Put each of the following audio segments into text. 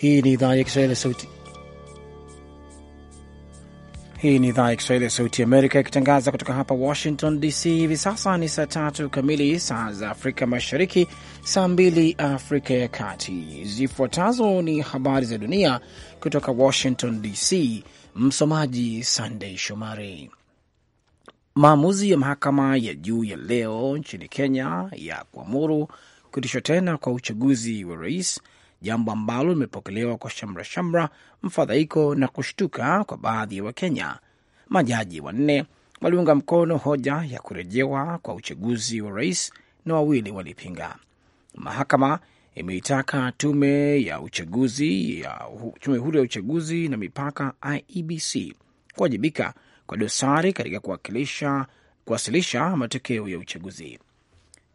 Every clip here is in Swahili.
Hii ni idhaa ya Kiswahili ya sauti hii ni idhaa ya Kiswahili ya Sauti Amerika ikitangaza kutoka hapa Washington DC. Hivi sasa ni saa tatu kamili, saa za Afrika Mashariki, saa mbili Afrika ya Kati. Zifuatazo ni habari za dunia kutoka Washington DC. Msomaji Sandei Shomari. Maamuzi ya mahakama ya juu ya leo nchini Kenya ya kuamuru kuitishwa tena kwa uchaguzi wa rais jambo ambalo limepokelewa kwa shamra shamra, mfadhaiko na kushtuka kwa baadhi ya Wakenya. Majaji wanne waliunga mkono hoja ya kurejewa kwa uchaguzi wa rais na wawili walipinga. Mahakama imeitaka tume ya uchaguzi ya tume huru ya uchaguzi na mipaka IEBC kuwajibika kwa dosari katika kuwakilisha kuwasilisha matokeo ya uchaguzi.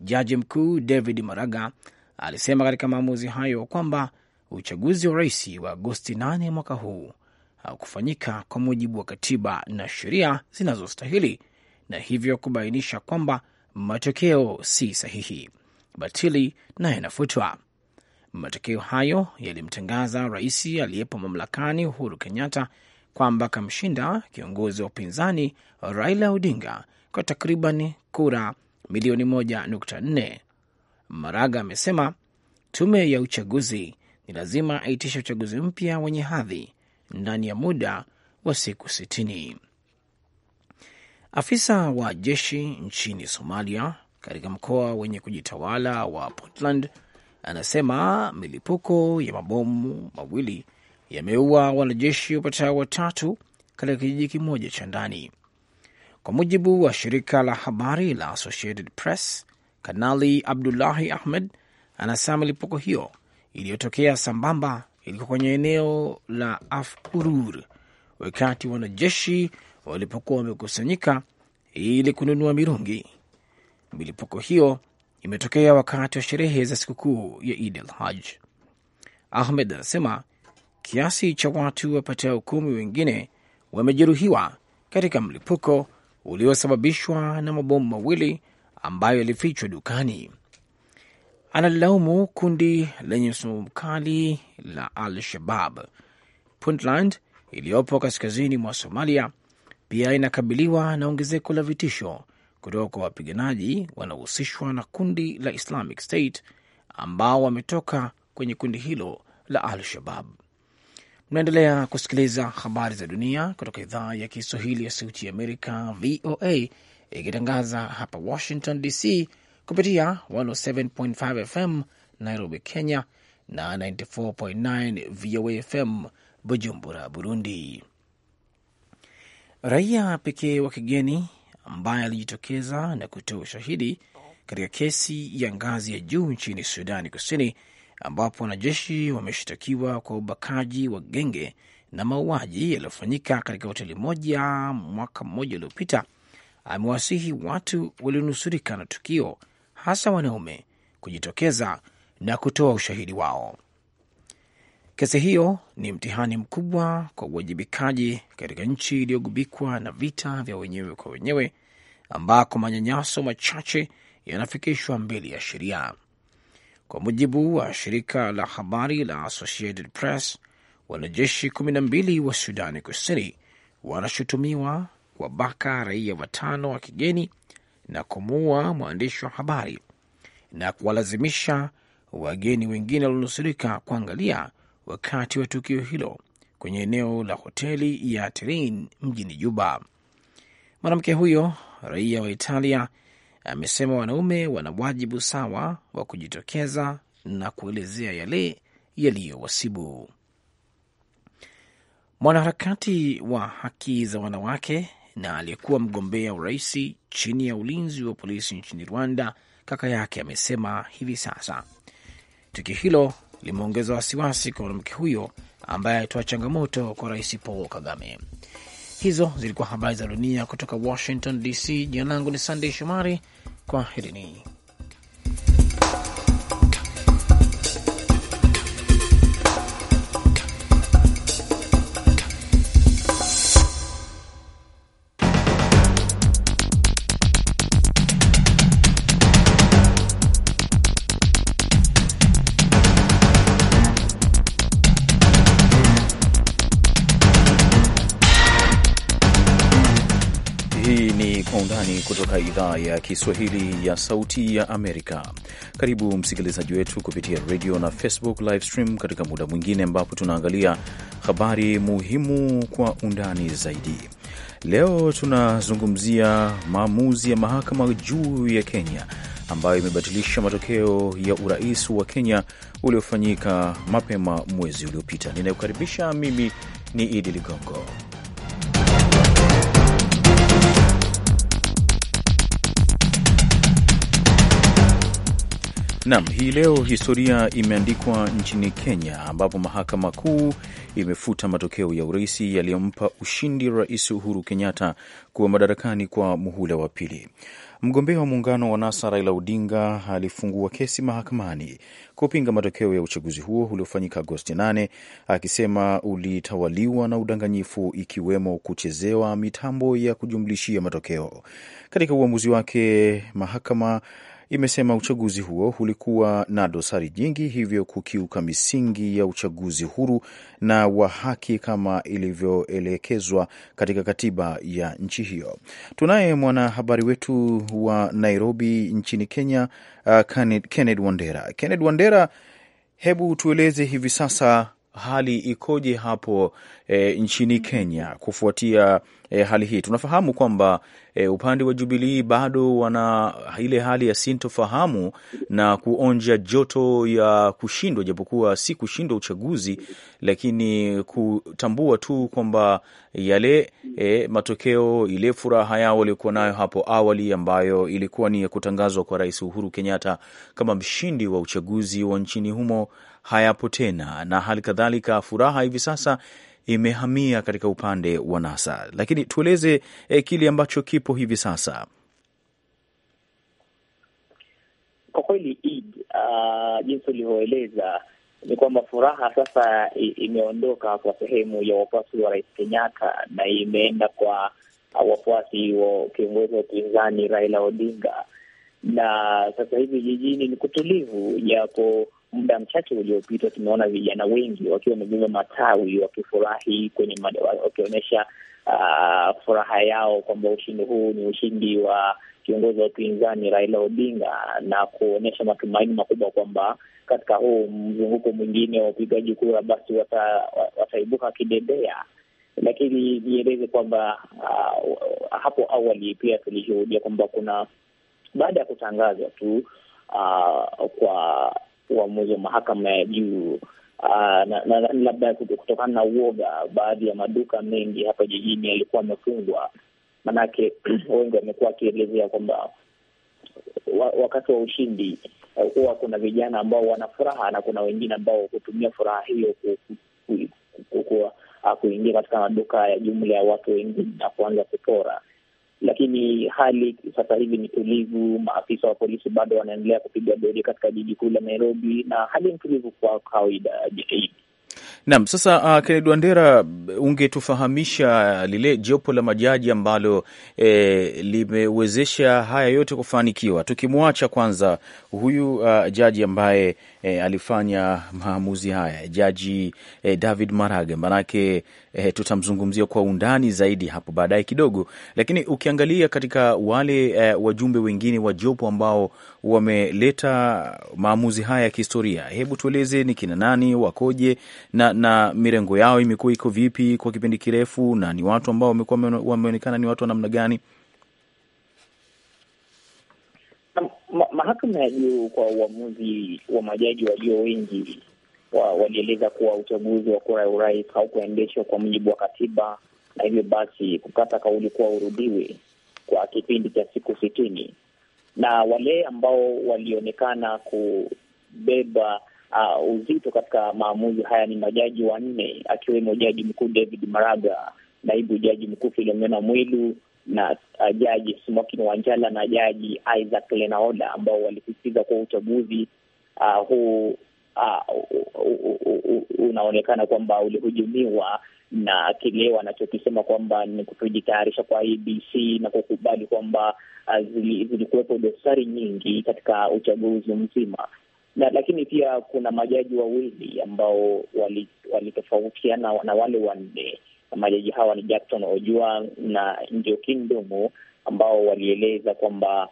Jaji mkuu David Maraga alisema katika maamuzi hayo kwamba uchaguzi wa rais wa Agosti 8 mwaka huu haukufanyika kwa mujibu wa katiba na sheria zinazostahili na hivyo kubainisha kwamba matokeo si sahihi, batili na yanafutwa. Matokeo hayo yalimtangaza rais aliyepo mamlakani Uhuru Kenyatta kwamba kamshinda kiongozi wa upinzani Raila Odinga kwa takriban kura milioni 1.4 Maraga amesema tume ya uchaguzi ni lazima aitishe uchaguzi mpya wenye hadhi ndani ya muda wa siku sitini. Afisa wa jeshi nchini Somalia katika mkoa wenye kujitawala wa Puntland anasema milipuko ya mabomu mawili yameua wanajeshi wapatao watatu katika kijiji kimoja cha ndani, kwa mujibu wa shirika la habari la Associated Press. Kanali Abdullahi Ahmed anasema milipuko hiyo iliyotokea sambamba ilikuwa kwenye eneo la afurur wakati wanajeshi walipokuwa wamekusanyika ili kununua mirungi. Milipuko hiyo imetokea wakati wa sherehe za sikukuu ya Id al Haj. Ahmed anasema kiasi cha watu wapatao kumi wengine wamejeruhiwa katika mlipuko uliosababishwa na mabomu mawili ambayo yalifichwa dukani. Analilaumu kundi lenye msimamo mkali la Al Shabab. Puntland iliyopo kaskazini mwa Somalia pia inakabiliwa na ongezeko la vitisho kutoka kwa wapiganaji wanaohusishwa na kundi la Islamic State ambao wametoka kwenye kundi hilo la Al Shabab. Mnaendelea kusikiliza habari za dunia kutoka idhaa ya Kiswahili ya Sauti ya Amerika, VOA, ikitangaza hapa Washington DC kupitia 107.5 FM Nairobi, Kenya na 94.9 VOA FM Bujumbura, Burundi. Raia pekee wa kigeni ambaye alijitokeza na kutoa ushahidi katika kesi ya ngazi ya juu nchini Sudani Kusini, ambapo wanajeshi wameshtakiwa kwa ubakaji wa genge na mauaji yaliyofanyika katika hoteli moja mwaka mmoja uliopita amewasihi watu walionusurika na tukio, hasa wanaume, kujitokeza na kutoa ushahidi wao. Kesi hiyo ni mtihani mkubwa kwa uwajibikaji katika nchi iliyogubikwa na vita vya wenyewe kwa wenyewe ambako manyanyaso machache yanafikishwa mbele ya sheria. Kwa mujibu wa shirika la habari la Associated Press, wanajeshi kumi na mbili wa Sudani Kusini wanashutumiwa kuwabaka raia watano wa kigeni na kumuua mwandishi wa habari na kuwalazimisha wageni wengine walionusurika kuangalia wakati wa tukio hilo kwenye eneo la hoteli ya Tirin mjini Juba. Mwanamke huyo raia wa Italia amesema wanaume wana wajibu sawa wa kujitokeza na kuelezea yale yaliyowasibu. Mwanaharakati wa haki za wanawake na aliyekuwa mgombea uraisi chini ya ulinzi wa polisi nchini Rwanda, kaka yake amesema hivi sasa. Tukio hilo limeongeza wasiwasi kwa mwanamke huyo ambaye alitoa changamoto kwa rais Paul Kagame. Hizo zilikuwa habari za dunia kutoka Washington DC. Jina langu ni Sandey Shomari. kwa herini idhaa ya Kiswahili ya Sauti ya Amerika. Karibu msikilizaji wetu kupitia radio na Facebook live stream katika muda mwingine ambapo tunaangalia habari muhimu kwa undani zaidi. Leo tunazungumzia maamuzi ya mahakama juu ya Kenya ambayo imebatilisha matokeo ya urais wa Kenya uliofanyika mapema mwezi uliopita. Ninayokaribisha mimi ni Idi Ligongo. Nam, hii leo historia imeandikwa nchini Kenya ambapo mahakama kuu imefuta matokeo ya uraisi yaliyompa ushindi Rais Uhuru Kenyatta kuwa madarakani kwa muhula wa pili. Mgombea wa muungano wa NASA Raila Odinga alifungua kesi mahakamani kupinga matokeo ya uchaguzi huo uliofanyika Agosti 8 akisema ulitawaliwa na udanganyifu, ikiwemo kuchezewa mitambo ya kujumlishia matokeo. Katika uamuzi wake mahakama imesema uchaguzi huo ulikuwa na dosari nyingi, hivyo kukiuka misingi ya uchaguzi huru na wa haki kama ilivyoelekezwa katika katiba ya nchi hiyo. Tunaye mwanahabari wetu wa Nairobi nchini Kenya, uh, Kenneth Wandera. Kenneth Wandera, hebu tueleze hivi sasa hali ikoje hapo e, nchini Kenya kufuatia e, hali hii? Tunafahamu kwamba e, upande wa Jubilii bado wana ile hali ya sintofahamu na kuonja joto ya kushindwa, japokuwa si kushindwa uchaguzi, lakini kutambua tu kwamba yale e, matokeo, ile furaha yao waliokuwa nayo hapo awali ambayo ilikuwa ni ya kutangazwa kwa Rais Uhuru Kenyatta kama mshindi wa uchaguzi wa nchini humo hayapo tena, na hali kadhalika furaha hivi sasa imehamia katika upande wa NASA. Lakini tueleze eh, kile ambacho kipo hivi sasa. Kwa kweli uh, jinsi ulivyoeleza ni kwamba furaha sasa imeondoka kwa sehemu ya wafuasi wa Rais Kenyatta na imeenda kwa wafuasi wa kiongozi wa upinzani Raila Odinga, na sasa hivi jijini ni kutulivu, japo muda mchache uliopita tumeona vijana wengi wakiwa wamebeba matawi wakifurahi kwenye wakionyesha uh, furaha yao kwamba ushindi huu ni ushindi wa kiongozi wa upinzani Raila Odinga na kuonyesha matumaini makubwa kwamba katika huu mzunguko mwingine wa upigaji kura basi wata, wataibuka kidedea. Lakini nieleze kwamba uh, hapo awali pia tulishuhudia kwamba kuna baada ya kutangazwa tu uh, kwa uamuzi wa mahakama ya juu. Ah, na, na, na, labda kutokana na uoga, baadhi ya maduka mengi hapa jijini yalikuwa amefungwa, manake wengi wamekuwa wakielezea kwamba wa, wakati wa ushindi eh, huwa kuna vijana ambao wana furaha na kuna wengine ambao hutumia furaha hiyo ah, kuingia katika maduka ya jumla ya watu wengine na kuanza kupora lakini hali sasa hivi ni tulivu. Maafisa wa polisi bado wanaendelea kupiga doria katika jiji kuu la Nairobi, na hali ni tulivu kwa kawaida. JK Naam, sasa uh, Kennedy Wandera, ungetufahamisha lile jopo la majaji ambalo eh, limewezesha haya yote kufanikiwa, tukimwacha kwanza huyu uh, jaji ambaye e, alifanya maamuzi haya jaji e, David Maraga, manake e, tutamzungumzia kwa undani zaidi hapo baadaye kidogo, lakini ukiangalia katika wale e, wajumbe wengine wa jopo ambao wameleta maamuzi haya ya kihistoria, hebu tueleze ni kina nani, wakoje na, na mirengo yao imekuwa iko vipi kwa kipindi kirefu, na ni watu ambao wameonekana ni watu wa namna gani? ma, mahakama ya juu kwa uamuzi wa majaji walio wengi walieleza kuwa uchaguzi wa kura ya urais haukuendeshwa kwa mujibu wa katiba na hivyo basi kukata kauli kuwa urudiwe kwa kipindi cha siku sitini na wale ambao walionekana kubeba uh, uzito katika maamuzi haya ni majaji wanne, akiwemo jaji mkuu David Maraga, naibu jaji mkuu Filomena Mwilu, na uh, jaji Smokin Wanjala na jaji Isaac Lenaola ambao walisisitiza kuwa uchaguzi uh, huu uh, unaonekana kwamba ulihujumiwa na kile wanachokisema kwamba ni kutojitayarisha kwa abc na kukubali kwamba uh, zilikuwepo dosari nyingi katika uchaguzi mzima na lakini pia kuna majaji wawili ambao walitofautiana wali na wale wanne Majaji hawa ni Jackson ojua na Njoki Ndung'u ambao walieleza kwamba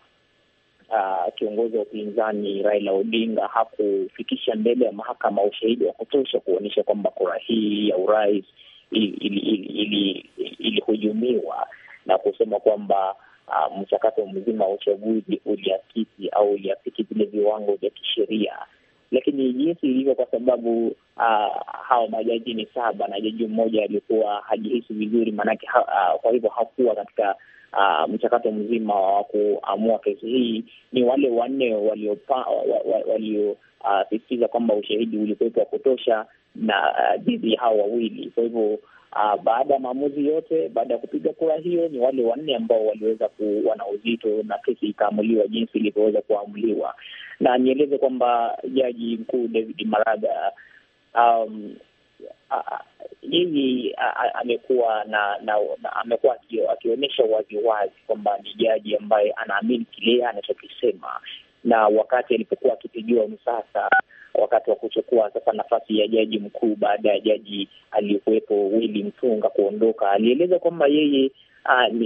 uh, kiongozi wa upinzani Raila Odinga hakufikisha mbele ya mahakama ushahidi wa kutosha kuonyesha kwamba kura hii ya urais ilihujumiwa na kusema kwamba uh, mchakato mzima wa uchaguzi uliakisi au uliafiki vile viwango vya kisheria lakini jinsi ilivyo, kwa sababu uh, hawa majaji ni saba na jaji mmoja alikuwa hajihisi vizuri, maanake ha, uh, kwa hivyo hakuwa katika Uh, mchakato mzima wa kuamua kesi hii. Ni wale wanne waliosisitiza uh, kwamba ushahidi ulikuwepo wa kutosha na dhidi uh, ya hao wawili. Kwa hivyo Uh, baada ya maamuzi yote, baada ya kupiga kura hiyo, ni wale wanne ambao waliweza kuwa na uzito na kesi ikaamuliwa jinsi ilivyoweza kuamuliwa. Na nieleze kwamba jaji mkuu David Maraga um, yeye amekuwa na, na, na amekuwa akionyesha waziwazi kwamba ni jaji ambaye anaamini kile anachokisema, na wakati alipokuwa akipigiwa msasa wakati wa kuchukua sasa nafasi ya jaji mkuu baada ya jaji aliyekuwepo Willy Mtunga kuondoka, alieleza kwamba yeye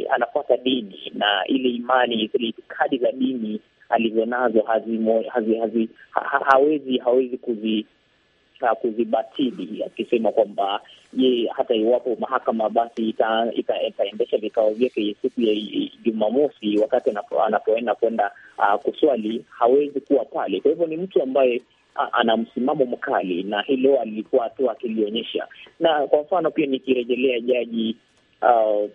anafuata dini na ile imani, zile itikadi za dini alizonazo hawezi hawezi kuzi kuzibatili akisema kwamba ye hata iwapo mahakama basi itaendesha ita, ita vikao vyake siku ya Jumamosi wakati anapoenda kwenda uh, kuswali hawezi kuwa pale. Kwa hivyo ni mtu ambaye ana msimamo mkali, na hilo alikuwa tu akilionyesha. Na kwa mfano pia nikirejelea jaji uh,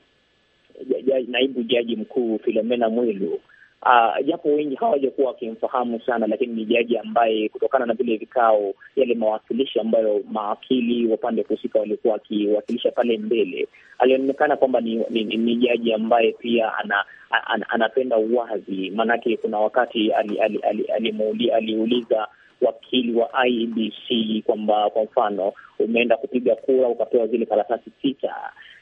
jaji, naibu jaji mkuu Filomena Mwilu Uh, japo wengi hawajakuwa wakimfahamu sana, lakini ni jaji ambaye kutokana na vile vikao, yale mawakilishi ambayo mawakili wa pande husika walikuwa wakiwakilisha pale mbele, alionekana kwamba ni, ni, ni jaji ambaye pia ana, an, anapenda uwazi. Maanake kuna wakati aliuliza ali, ali, ali, ali, ali, ali wakili wa IEBC kwamba kwa mfano umeenda kupiga kura ukapewa zile karatasi sita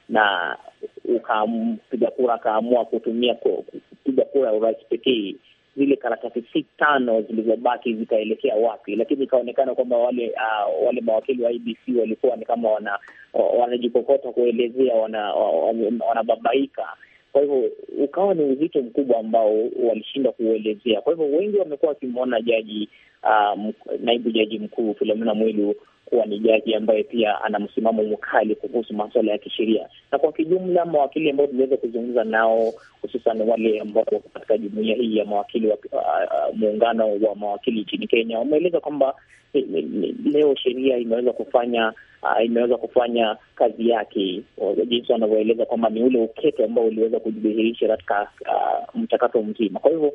na ukapiga kura akaamua kutumia kupiga kura ya urais pekee, zile karatasi si tano zilizobaki zikaelekea wapi? Lakini ikaonekana kwamba wale uh, wale mawakili wa IBC walikuwa ni kama wanajikokota wana kuelezea wanababaika wana kwa hivyo ukawa ni uzito mkubwa ambao walishindwa kuuelezea. Kwa hivyo wengi wamekuwa wakimwona jaji uh, naibu jaji mkuu filomena Mwilu kuwa ni jaji ambaye pia ana msimamo mkali kuhusu masuala ya kisheria. Na kwa kijumla, mawakili ambao tuliweza kuzungumza nao, hususan wale ambao wako katika jumuia hii ya mawakili wa uh, muungano wa mawakili nchini Kenya, wameeleza kwamba leo sheria imeweza kufanya uh, imeweza kufanya kazi yake, jinsi wanavyoeleza kwamba ni ule ukete ambao uliweza kujidhihirisha katika uh, mchakato mzima. Kwa hivyo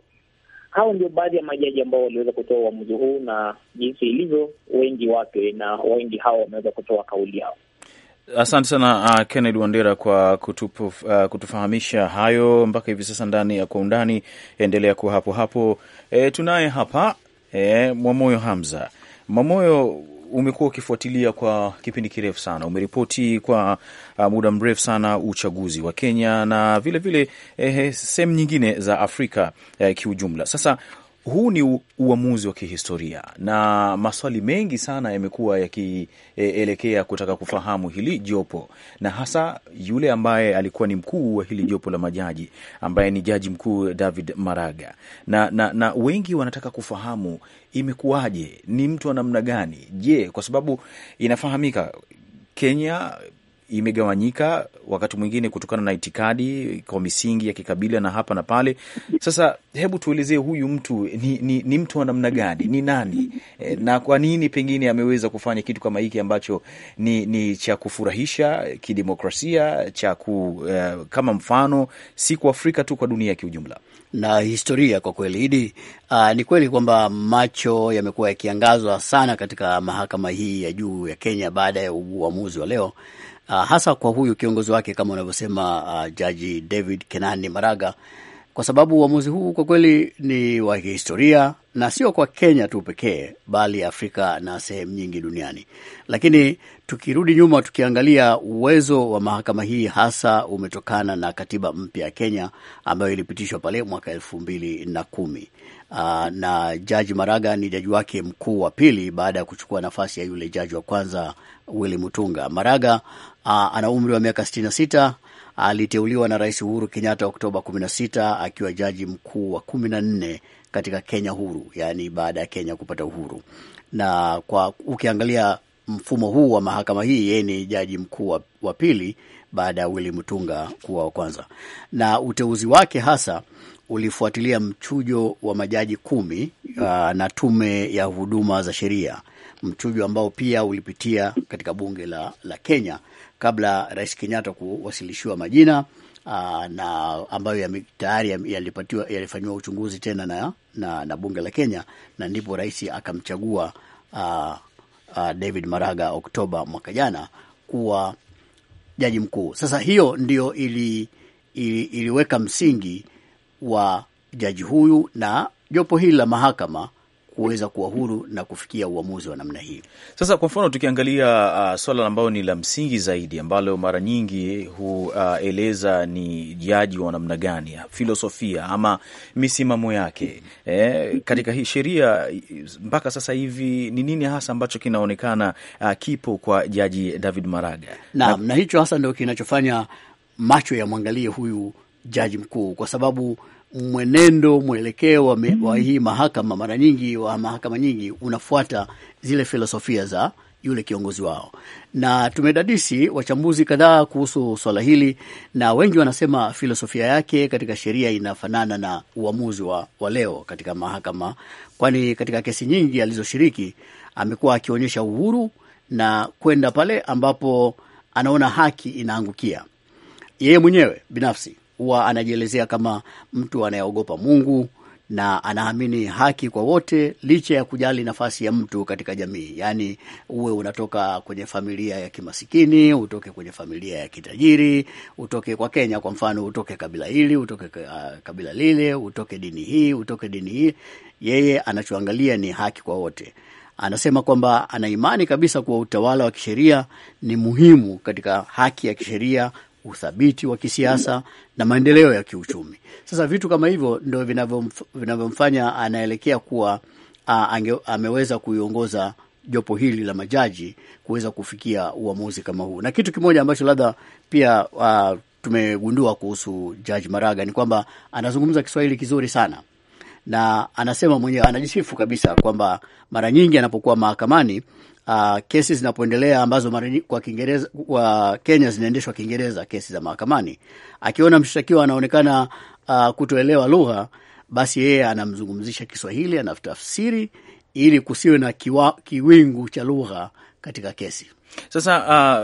hao ndio baadhi ya majaji ambao waliweza kutoa uamuzi huu na jinsi ilivyo, wengi wake na wengi hao wameweza kutoa kauli yao. Asante sana uh, Kennedy Wandera kwa kutupu, uh, kutufahamisha hayo mpaka hivi sasa ndani ya Kwa Undani. Endelea kuwa hapo hapo. E, tunaye hapa e, Mwamoyo Hamza. Mwamoyo, umekuwa ukifuatilia kwa kipindi kirefu sana, umeripoti kwa uh, muda mrefu sana uchaguzi wa Kenya na vilevile eh, sehemu nyingine za Afrika eh, kiujumla. Sasa huu ni uamuzi wa kihistoria na maswali mengi sana yamekuwa yakielekea kutaka kufahamu hili jopo, na hasa yule ambaye alikuwa ni mkuu wa hili jopo la majaji ambaye ni jaji mkuu David Maraga, na, na, na wengi wanataka kufahamu imekuwaje, ni mtu wa namna gani? Je, kwa sababu inafahamika Kenya imegawanyika wakati mwingine kutokana na itikadi kwa misingi ya kikabila na hapa na pale. Sasa hebu tuelezee huyu mtu ni, ni, ni mtu wa namna gani? Ni nani eh, na kwa nini pengine ameweza kufanya kitu kama hiki ambacho ni, ni cha kufurahisha kidemokrasia cha ku, uh, kama mfano si kwa Afrika tu, kwa dunia kiujumla na historia kwa kweli hidi Uh, ah, ni kweli kwamba macho yamekuwa yakiangazwa sana katika mahakama hii ya juu ya Kenya baada ya uamuzi wa leo uh, hasa kwa huyu kiongozi wake kama unavyosema uh, Jaji David Kenani Maraga kwa sababu uamuzi huu kwa kweli ni wa kihistoria na sio kwa Kenya tu pekee, bali Afrika na sehemu nyingi duniani. Lakini tukirudi nyuma, tukiangalia uwezo wa mahakama hii hasa umetokana na katiba mpya ya Kenya ambayo ilipitishwa pale mwaka elfu mbili na kumi ah, na, Jaji Maraga ni jaji wake mkuu wa pili baada ya kuchukua nafasi ya yule jaji wa kwanza Willy Mutunga. Maraga ah, ana umri wa miaka sitini na sita aliteuliwa na Rais Uhuru Kenyatta Oktoba 16 akiwa jaji mkuu wa 14 katika Kenya huru, yaani baada ya Kenya kupata uhuru. Na kwa ukiangalia mfumo huu wa mahakama hii, yeye ni jaji mkuu wa pili baada ya Willy Mutunga kuwa wa kwanza, na uteuzi wake hasa ulifuatilia mchujo wa majaji kumi uh, na tume ya huduma za sheria, mchujo ambao pia ulipitia katika bunge la, la Kenya kabla Rais Kenyatta kuwasilishiwa majina aa, ah, na ambayo tayari yalipatiwa yalifanyiwa uchunguzi tena na, na, na bunge la Kenya na ndipo rais akamchagua aa, ah, aa, ah, David Maraga Oktoba mwaka jana kuwa jaji mkuu. Sasa hiyo ndio ili, ili, iliweka msingi wa jaji huyu na jopo hili la mahakama kuweza kuwa huru na kufikia uamuzi wa namna hii. Sasa kwa mfano tukiangalia uh, swala ambayo ni la msingi zaidi ambalo mara nyingi hueleza uh, ni jaji wa namna gani, filosofia ama misimamo yake eh, katika hii sheria mpaka sasa hivi ni nini hasa ambacho kinaonekana uh, kipo kwa jaji David Maraga? Naam, na, na hicho hasa ndio kinachofanya macho yamwangalie huyu jaji mkuu kwa sababu mwenendo mwelekeo wa, me, wa hii mahakama mara nyingi wa mahakama nyingi unafuata zile filosofia za yule kiongozi wao, na tumedadisi wachambuzi kadhaa kuhusu swala hili, na wengi wanasema filosofia yake katika sheria inafanana na uamuzi wa, wa leo katika mahakama, kwani katika kesi nyingi alizoshiriki amekuwa akionyesha uhuru na kwenda pale ambapo anaona haki inaangukia yeye mwenyewe binafsi huwa anajielezea kama mtu anayeogopa Mungu na anaamini haki kwa wote licha ya kujali nafasi ya mtu katika jamii. Yaani, uwe unatoka kwenye familia ya kimasikini, utoke kwenye familia ya kitajiri, utoke kwa Kenya kwa mfano, utoke kabila hili, utoke kabila lile, utoke dini hii, utoke dini hii, yeye anachoangalia ni haki kwa wote. Anasema kwamba ana imani kabisa kuwa utawala wa kisheria ni muhimu katika haki ya kisheria uthabiti wa kisiasa na maendeleo ya kiuchumi. Sasa vitu kama hivyo ndo vinavyomfanya anaelekea kuwa a, ange, ameweza kuiongoza jopo hili la majaji kuweza kufikia uamuzi kama huu. Na kitu kimoja ambacho labda pia a, tumegundua kuhusu Jaji Maraga ni kwamba anazungumza Kiswahili kizuri sana na anasema mwenyewe, anajisifu kabisa kwamba mara nyingi anapokuwa mahakamani uh, kesi zinapoendelea ambazo marini, kwa Kiingereza kwa Kenya zinaendeshwa Kiingereza, kesi za mahakamani, akiona mshtakiwa anaonekana uh, kutoelewa lugha, basi yeye anamzungumzisha Kiswahili, anatafsiri ili kusiwe na kiwa, kiwingu cha lugha katika kesi. Sasa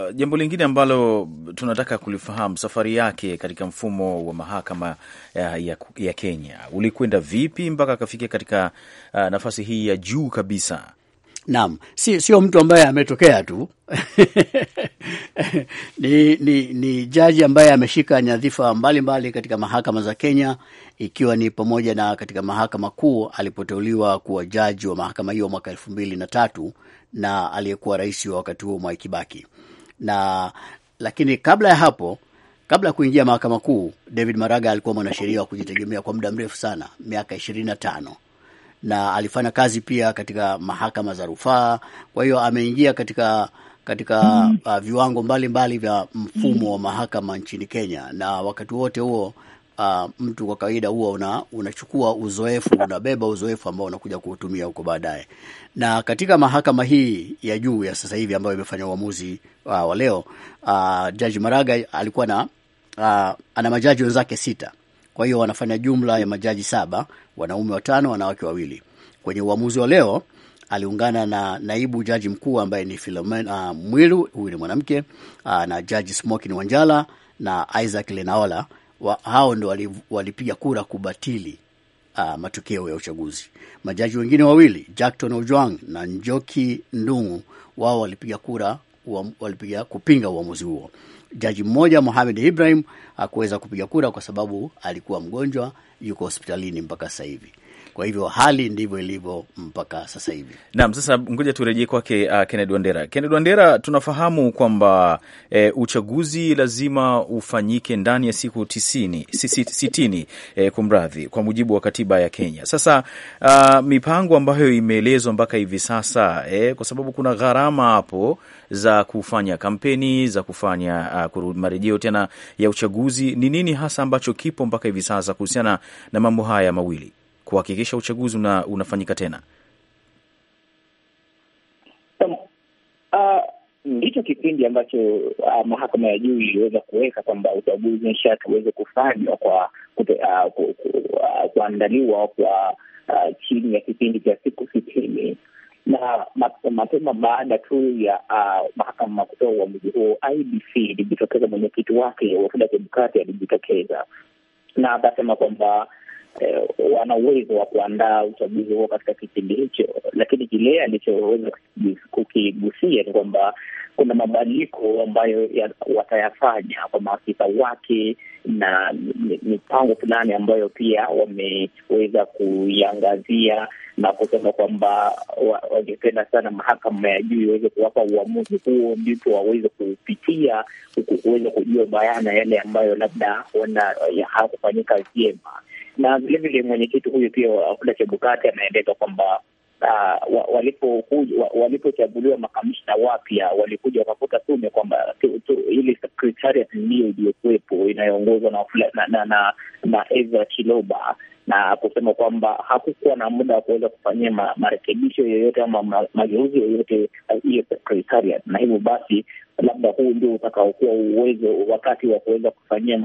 uh, jambo lingine ambalo tunataka kulifahamu, safari yake katika mfumo wa mahakama ya, ya, ya Kenya ulikwenda vipi mpaka akafikia katika uh, nafasi hii ya juu kabisa Naam, si sio mtu ambaye ametokea tu ni, ni, ni jaji ambaye ameshika nyadhifa mbalimbali mbali katika mahakama za Kenya, ikiwa ni pamoja na katika mahakama kuu alipoteuliwa kuwa jaji wa mahakama hiyo mwaka elfu mbili na tatu na aliyekuwa rais wa wakati huo Mwai Kibaki. Na lakini kabla ya hapo, kabla ya kuingia mahakama kuu, David Maraga alikuwa mwanasheria wa kujitegemea kwa muda mrefu sana, miaka ishirini na tano na alifanya kazi pia katika mahakama za rufaa. Kwa hiyo ameingia katika katika mm. uh, viwango mbalimbali vya mfumo mm. wa mahakama nchini Kenya, na wakati wote huo uh, mtu kwa kawaida huwa una, unachukua uzoefu, unabeba uzoefu ambao unakuja kuutumia huko baadaye. Na katika mahakama hii ya juu ya sasa hivi ambayo imefanya uamuzi uh, wa leo uh, Jaji Maraga alikuwa na uh, ana majaji wenzake sita kwa hiyo wanafanya jumla ya majaji saba, wanaume watano, wanawake wawili. Kwenye uamuzi wa leo aliungana na naibu jaji mkuu ambaye ni Philomena uh, Mwilu, huyu ni mwanamke uh, na jaji Smokin Wanjala na Isaac Lenaola wa, hao ndo walipiga kura kubatili uh, matokeo ya uchaguzi. Majaji wengine wawili Jackton Ojwang na Njoki Ndungu, wao walipiga kura walipiga kupinga uamuzi huo jaji mmoja Mohamed Ibrahim hakuweza kupiga kura kwa sababu alikuwa mgonjwa, yuko hospitalini mpaka sasa hivi. Kwa hivyo hali ndivyo ilivyo mpaka sasa hivi. Naam, sasa ngoja turejee kwake uh, Kennedy Wandera. Kennedy Wandera, tunafahamu kwamba eh, uchaguzi lazima ufanyike ndani ya siku tisini, sitini e, kumradhi, kwa mujibu wa katiba ya Kenya. Sasa uh, mipango ambayo imeelezwa mpaka hivi sasa eh, kwa sababu kuna gharama hapo za kufanya kampeni za kufanya uh, marejeo tena ya uchaguzi, ni nini hasa ambacho kipo mpaka hivi sasa kuhusiana na mambo haya mawili? kuhakikisha uchaguzi una, unafanyika tena? Um, uh, ndicho kipindi ambacho uh, mahakama ya juu iliweza kuweka kwamba uchaguzi nishati uweze kufanywa kwa uh, uh, kuandaliwa uh, kwa uh, chini ya kipindi cha siku sitini na mapema baada tu ya uh, mahakama kutoa uamuzi huo, IBC ilijitokeza, mwenyekiti wake Wafula Chebukati alijitokeza na akasema kwamba eh, wana uwezo wa kuandaa uchaguzi huo katika kipindi hicho, lakini kile alichoweza kukigusia ni kwamba kuna mabadiliko ambayo watayafanya kwa maafisa wake na mipango fulani ambayo pia wameweza kuiangazia na kusema kwamba wangependa sana mahakama ya juu iweze kuwapa uamuzi huo, ndipo waweze kupitia kuweza kujua bayana yale ambayo labda huenda hakufanyika vyema na vilevile mwenyekiti huyu pia Wafula Chebukati ameeleza kwamba uh, walipochaguliwa walipo makamishna wapya walikuja wakakuta tume kwamba ili sekretariat ndio iliyokuwepo inayoongozwa na, na, na, na, na Ezra Chiloba na kusema kwamba hakukuwa na muda wa kuweza kufanyia ma, marekebisho yoyote ama ma, mageuzi yoyote uh, hiyo sekretariat, na hivyo basi labda huu ndio utakaokuwa uwezo wakati wa kuweza kufanyia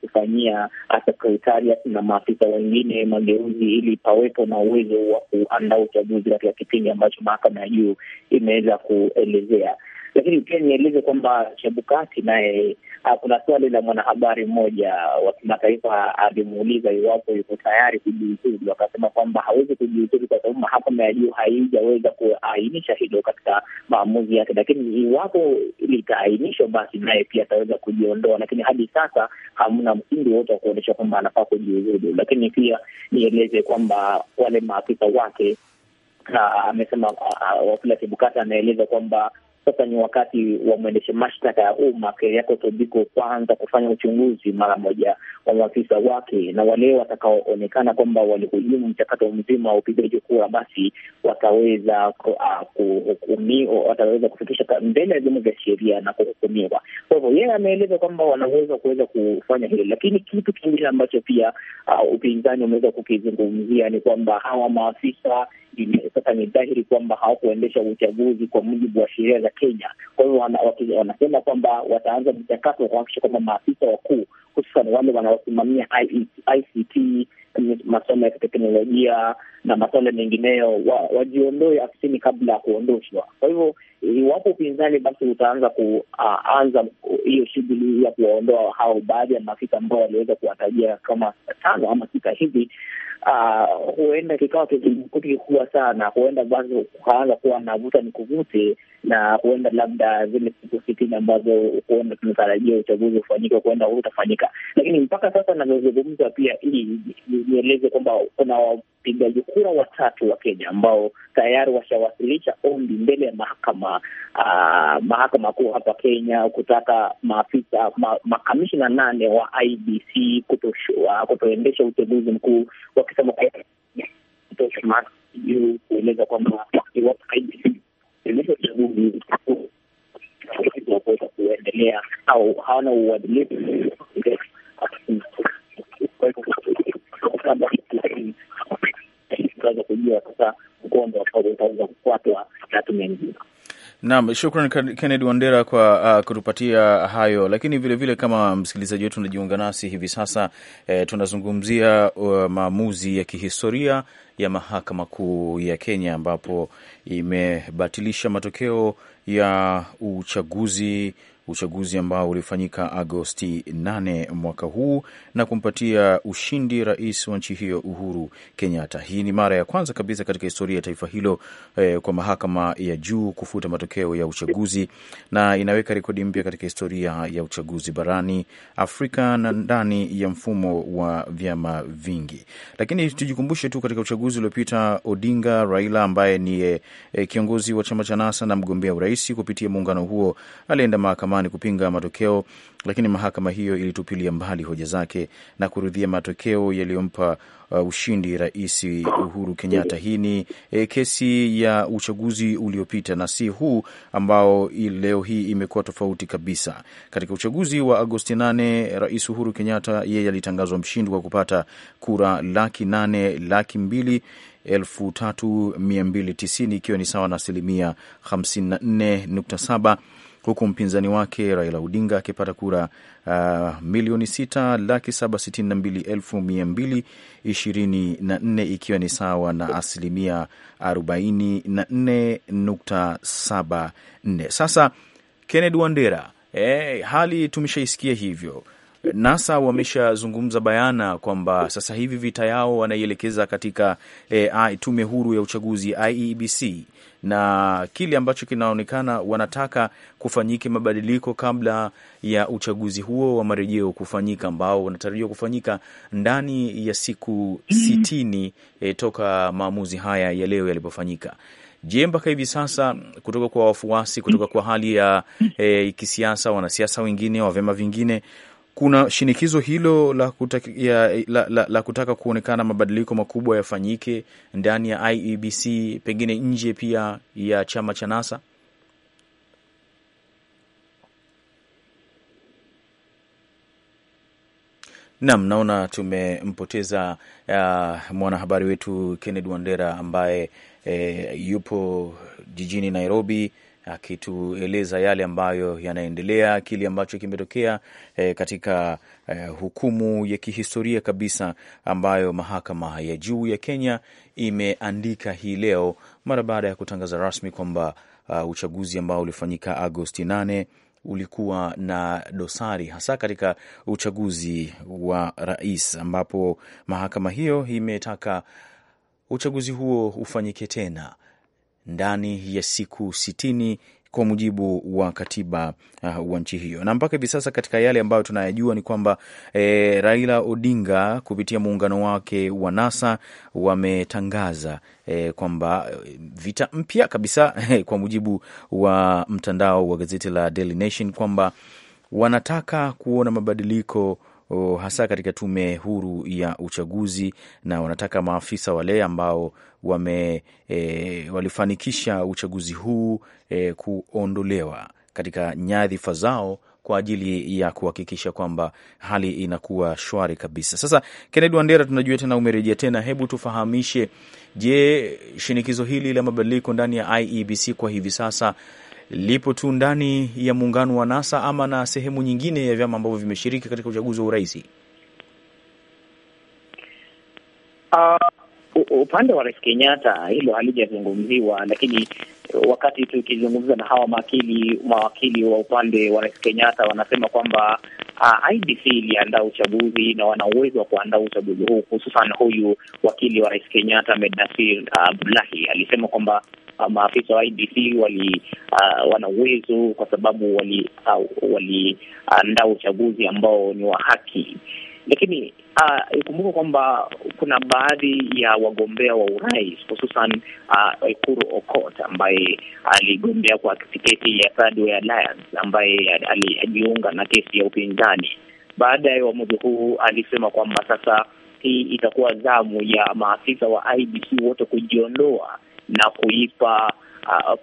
kufanyia sekretariat na maafisa wengine mageuzi, ili pawepo na uwezo wa kuandaa uchaguzi katika kipindi ambacho mahakama ya juu imeweza kuelezea. Lakini pia nieleze kwamba Chebukati naye ah, kuna swali la mwanahabari mmoja wa kimataifa alimuuliza iwapo yuko tayari kujiuzulu, akasema kwamba hawezi kujiuzulu kwa sababu mahakama ya juu haijaweza kuainisha hilo katika maamuzi yake, lakini iwapo litaainishwa, basi naye pia ataweza kujiondoa. Lakini hadi sasa hamna msingi wote wa kuonyesha kwamba anafaa kujiuzulu. Lakini pia nieleze kwamba wale maafisa wake amesema ah, ah, Wafula Chebukati anaeleza kwamba sasa ni wakati wa mwendesha mashtaka ya umma Keriako Tobiko kwanza kufanya uchunguzi mara moja wa maafisa wake, na wale watakaoonekana kwamba walihujumu mchakato mzima wa upigaji kura, basi wataweza ah, kuhukumiwa, wataweza kufikisha mbele ya vyombo vya sheria na kuhukumiwa. Kwa hivyo, yeye ameeleza kwamba wanaweza kuweza kufanya hilo, lakini kitu kingine ambacho pia uh, upinzani umeweza kukizungumzia ni kwamba hawa maafisa sasa ni dhahiri kwamba hawakuendesha uchaguzi kwa mujibu wa sheria za ya Kenya. Kwa hiyo wanasema kwamba wataanza mchakato wa kuhakikisha kwamba maafisa wakuu hususan wale wanaosimamia ICT, e masomo ya kiteknolojia na masuala mengineyo wajiondoe afisini kabla ya kuondoshwa. Kwa hivyo iwapo upinzani basi utaanza kuanza hiyo shughuli ya kuwaondoa hao baadhi ya maafisa ambao waliweza kuwatajia kama tano ama sita hivi, uh, huenda kikao kizungumkuti kikubwa sana, huenda basi kukaanza kuwa na vuta ni kuvute na huenda labda zile siku sitini ambazo huenda tunatarajia uchaguzi ufanyike huenda utafanyika, Lakini mpaka sasa navyozungumza, pia ili nieleze kwamba kuna wapigaji kura watatu wa Kenya ambao tayari washawasilisha ombi mbele ya mahakama uh, mahakama kuu hapa Kenya kutaka maafisa ma, makamishina nane wa IBC ah, kutoendesha uchaguzi mkuu wakisema kueleza kwamba iwapo IBC elimu waweza kuendelea au hawana uadilifu utaweza kujua sasa mkondo ambao utaweza kufuatwa na tume nzima. Naam, shukran Kennedy Wandera kwa uh, kutupatia hayo, lakini vilevile vile kama msikilizaji wetu unajiunga nasi hivi sasa eh, tunazungumzia uh, maamuzi ya kihistoria ya Mahakama Kuu ya Kenya ambapo imebatilisha matokeo ya uchaguzi uchaguzi ambao ulifanyika Agosti 8 mwaka huu na kumpatia ushindi rais wa nchi hiyo Uhuru Kenyatta. Hii ni mara ya kwanza kabisa katika historia ya taifa hilo eh, kwa mahakama ya juu kufuta matokeo ya uchaguzi na inaweka rekodi mpya katika historia ya uchaguzi barani Afrika na ndani ya mfumo wa vyama vingi. Lakini tujikumbushe tu katika uchaguzi uliopita Odinga Raila ambaye ni eh, eh kiongozi wa chama cha NASA na mgombea urais kupitia muungano huo alienda mahakamani mahakamani kupinga matokeo, lakini mahakama hiyo ilitupilia mbali hoja zake na kurudhia matokeo yaliyompa uh, ushindi Rais Uhuru Kenyatta. Hii ni e, kesi ya uchaguzi uliopita na si huu ambao leo hii imekuwa tofauti kabisa. Katika uchaguzi wa Agosti 8 Rais Uhuru Kenyatta yeye alitangazwa mshindi kwa kupata kura laki nane laki mbili elfu tatu mia mbili tisini ikiwa ni sawa na asilimia 54.7 huku mpinzani wake Raila Odinga akipata kura uh, milioni sita laki saba sitini na mbili elfu mia mbili ishirini na nne ikiwa ni sawa na asilimia arobaini na nne nukta saba nne. Sasa Kennedy Wandera, eh, hali tumeshaisikia hivyo NASA wameshazungumza bayana kwamba sasa hivi vita yao wanaielekeza katika eh, tume huru ya uchaguzi IEBC na kile ambacho kinaonekana wanataka kufanyike mabadiliko kabla ya uchaguzi huo wa marejeo kufanyika ambao wanatarajiwa kufanyika ndani ya siku sitini e, toka maamuzi haya ya leo yalipofanyika. Je, mpaka hivi sasa kutoka kwa wafuasi, kutoka kwa hali ya e, kisiasa, wanasiasa wengine wa vyama vingine kuna shinikizo hilo la kutaka, ya, la, la, la kutaka kuonekana mabadiliko makubwa yafanyike ndani ya IEBC pengine nje pia ya chama cha NASA? Nam, naona tumempoteza uh, mwanahabari wetu Kennedy Wandera ambaye eh, yupo jijini Nairobi akitueleza yale ambayo yanaendelea, kile ambacho kimetokea e, katika e, hukumu ya kihistoria kabisa ambayo mahakama ya juu ya Kenya imeandika hii leo mara baada ya kutangaza rasmi kwamba uh, uchaguzi ambao ulifanyika Agosti 8 ulikuwa na dosari hasa katika uchaguzi wa rais, ambapo mahakama hiyo imetaka uchaguzi huo ufanyike tena ndani ya siku sitini kwa mujibu wa katiba uh, wa nchi hiyo. Na mpaka hivi sasa katika yale ambayo tunayajua ni kwamba e, Raila Odinga kupitia muungano wake wa NASA wametangaza e, kwamba eh, vita mpya kabisa kwa mujibu wa mtandao wa gazeti la Daily Nation kwamba wanataka kuona mabadiliko oh, hasa katika tume huru ya uchaguzi, na wanataka maafisa wale ambao wame e, walifanikisha uchaguzi huu e, kuondolewa katika nyadhifa zao kwa ajili ya kuhakikisha kwamba hali inakuwa shwari kabisa. Sasa Kennedy Wandera, tunajua tena umerejea tena, hebu tufahamishe, je, shinikizo hili la mabadiliko ndani ya IEBC kwa hivi sasa lipo tu ndani ya muungano wa NASA ama na sehemu nyingine ya vyama ambavyo vimeshiriki katika uchaguzi wa urais? Uh, upande wa Rais Kenyatta hilo halijazungumziwa, lakini wakati tukizungumza na hawa mawakili mawakili wa upande wa Rais Kenyatta wanasema kwamba uh, IBC iliandaa uchaguzi na wana uwezo wa kuandaa uchaguzi huu. Hususan huyu wakili wa Rais Kenyatta Mednasir abdulahi Abdullahi uh, alisema kwamba maafisa wa IBC wali uh, wana uwezo kwa sababu waliandaa uh, wali, uh, uchaguzi ambao ni wa haki, lakini ikumbuka uh, kwamba kuna baadhi ya wagombea wa urais hususan Ekuru uh, Okot ambaye aligombea kwa tiketi ya Third Way Alliance ambaye alijiunga na kesi ya upinzani. Baada ya uamuzi huu, alisema kwamba sasa hii itakuwa zamu ya maafisa wa IBC wote kujiondoa na kuipa Uh,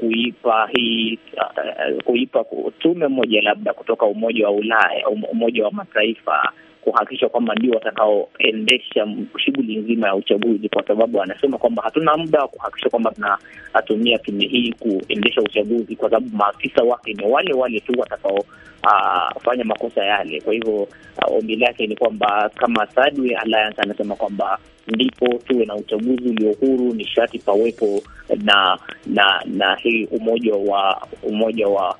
kuipa hii uh, kuipa tume moja labda kutoka Umoja wa Ulaya, Umoja wa Mataifa kuhakikisha kwamba ndio watakaoendesha shughuli nzima ya uchaguzi, kwa sababu anasema kwamba hatuna muda wa kuhakikisha kwamba tunatumia tume hii kuendesha uchaguzi, kwa sababu maafisa wake ni wale wale tu watakaofanya ah, uh, makosa yale. Kwa hivyo ombi lake ni kwamba kama Sadwe Alliance anasema kwamba ndipo tuwe na uchaguzi ulio huru, nishati pawepo na na na hii umoja wa umoja wa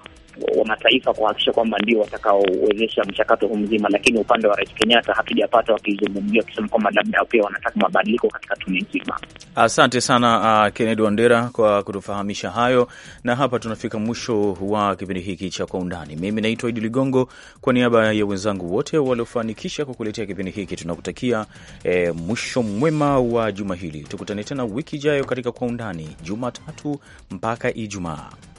wa mataifa kuhakikisha kwamba ndio watakaowezesha mchakato huu mzima, lakini upande wa Rais Kenyatta hatujapata wakizungumzia wakisema kwamba labda pia wanataka mabadiliko katika tume nzima. Asante sana uh, Kennedy Wandera kwa kutufahamisha hayo, na hapa tunafika mwisho wa kipindi hiki cha Kwa Undani. Mimi naitwa Idi Ligongo, kwa niaba ya wenzangu wote waliofanikisha kukuletea kipindi hiki tunakutakia eh, mwisho mwema wa juma hili. Tukutane tena wiki ijayo katika Kwa Undani, Jumatatu mpaka Ijumaa.